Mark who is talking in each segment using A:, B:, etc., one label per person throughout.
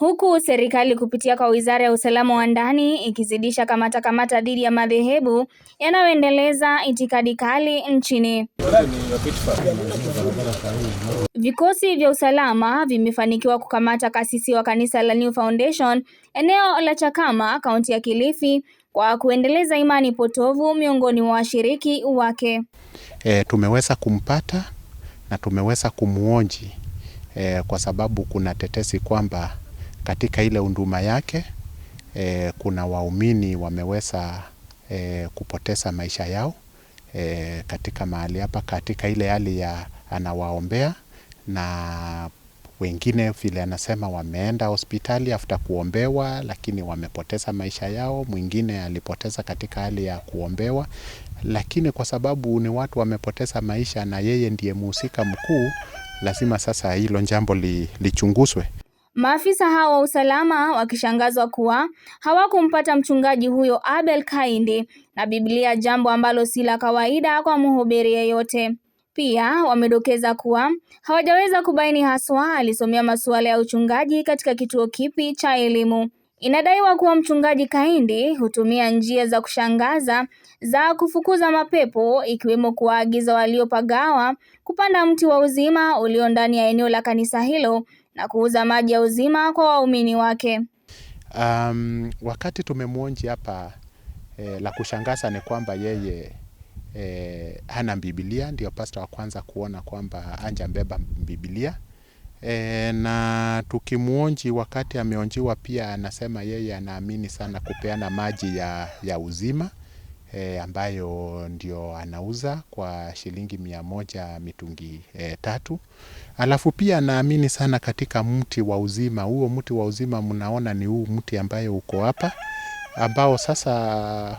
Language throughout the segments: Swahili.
A: huku serikali kupitia kwa Wizara ya Usalama wa Ndani ikizidisha kamata kamata dhidi ya madhehebu yanayoendeleza itikadi kali nchini. Vikosi vya usalama vimefanikiwa kukamata kasisi wa kanisa la New Foundation eneo la Chakama, kaunti ya Kilifi kwa kuendeleza imani potovu miongoni mwa washiriki wake.
B: E, tumeweza kumpata na tumeweza kumuonji e, eh, kwa sababu kuna tetesi kwamba katika ile unduma yake e, kuna waumini wameweza e, kupoteza maisha yao e, katika mahali hapa, katika ile hali ya anawaombea na wengine vile anasema wameenda hospitali after kuombewa, lakini wamepoteza maisha yao. Mwingine alipoteza katika hali ya kuombewa, lakini kwa sababu ni watu wamepoteza maisha na yeye ndiye mhusika mkuu, lazima sasa hilo jambo lichunguzwe.
A: Maafisa hao wa usalama wakishangazwa kuwa hawakumpata mchungaji huyo Abel kaindi na Biblia, jambo ambalo si la kawaida kwa mhubiri yeyote. Pia wamedokeza kuwa hawajaweza kubaini haswa alisomea masuala ya uchungaji katika kituo kipi cha elimu. Inadaiwa kuwa mchungaji kaindi hutumia njia za kushangaza za kufukuza mapepo ikiwemo kuwaagiza waliopagawa kupanda mti wa uzima ulio ndani ya eneo la kanisa hilo na kuuza maji ya uzima kwa waumini wake.
B: Um, wakati tumemwonji hapa e, la kushangaza ni kwamba yeye e, hana Biblia. Ndio pasta wa kwanza kuona kwamba mbeba Biblia e, na tukimwonji wakati ameonjiwa pia anasema yeye anaamini sana kupeana maji ya, ya uzima Eh, ambayo ndio anauza kwa shilingi mia moja mitungi e, tatu. Alafu pia naamini sana katika mti wa uzima. Huo mti wa uzima mnaona ni huu mti ambayo uko hapa ambao sasa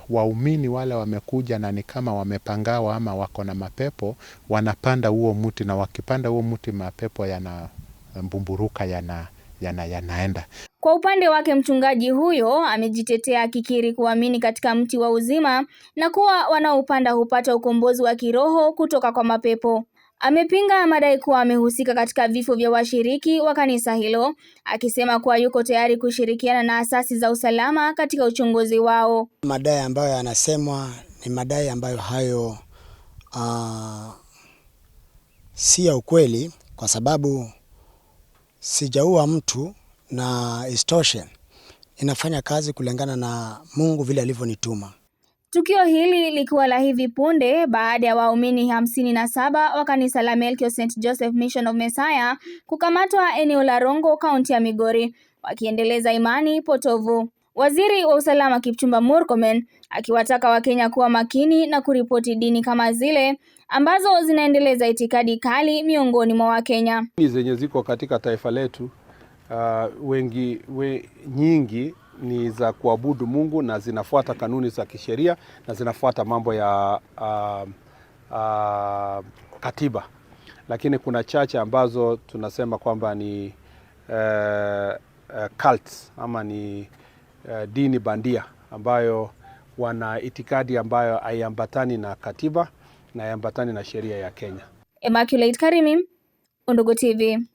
B: waumini wale wamekuja na ni kama wamepangawa ama wako na mapepo, wanapanda huo mti, na wakipanda huo mti mapepo yanambumburuka, yana, yana, yanaenda
A: kwa upande wake, mchungaji huyo amejitetea akikiri kuamini katika mti wa uzima na kuwa wanaopanda hupata ukombozi wa kiroho kutoka kwa mapepo. Amepinga madai kuwa amehusika katika vifo vya washiriki wa kanisa hilo, akisema kuwa yuko tayari kushirikiana na asasi za usalama katika uchunguzi wao.
C: Madai ambayo yanasemwa ni madai ambayo hayo uh, si ya ukweli, kwa sababu sijaua mtu na istoshe inafanya kazi kulingana na Mungu vile alivyonituma.
A: Tukio hili likiwa la hivi punde baada ya waumini hamsini na saba wa kanisa la Melkior St Joseph Mission of Messiah kukamatwa eneo la Rongo, kaunti ya Migori, wakiendeleza imani potovu. Waziri wa usalama Kipchumba Murkomen akiwataka Wakenya kuwa makini na kuripoti dini kama zile ambazo zinaendeleza itikadi kali miongoni mwa Wakenya
D: zenye ziko katika taifa letu uh, wengi we, nyingi ni za kuabudu Mungu na zinafuata kanuni za kisheria na zinafuata mambo ya uh, uh, katiba, lakini kuna chache ambazo tunasema kwamba ni uh, uh, cults ama ni uh, dini bandia ambayo wana itikadi ambayo haiambatani na katiba na haiambatani na sheria ya Kenya.
A: Immaculate Karimi, Undugu TV.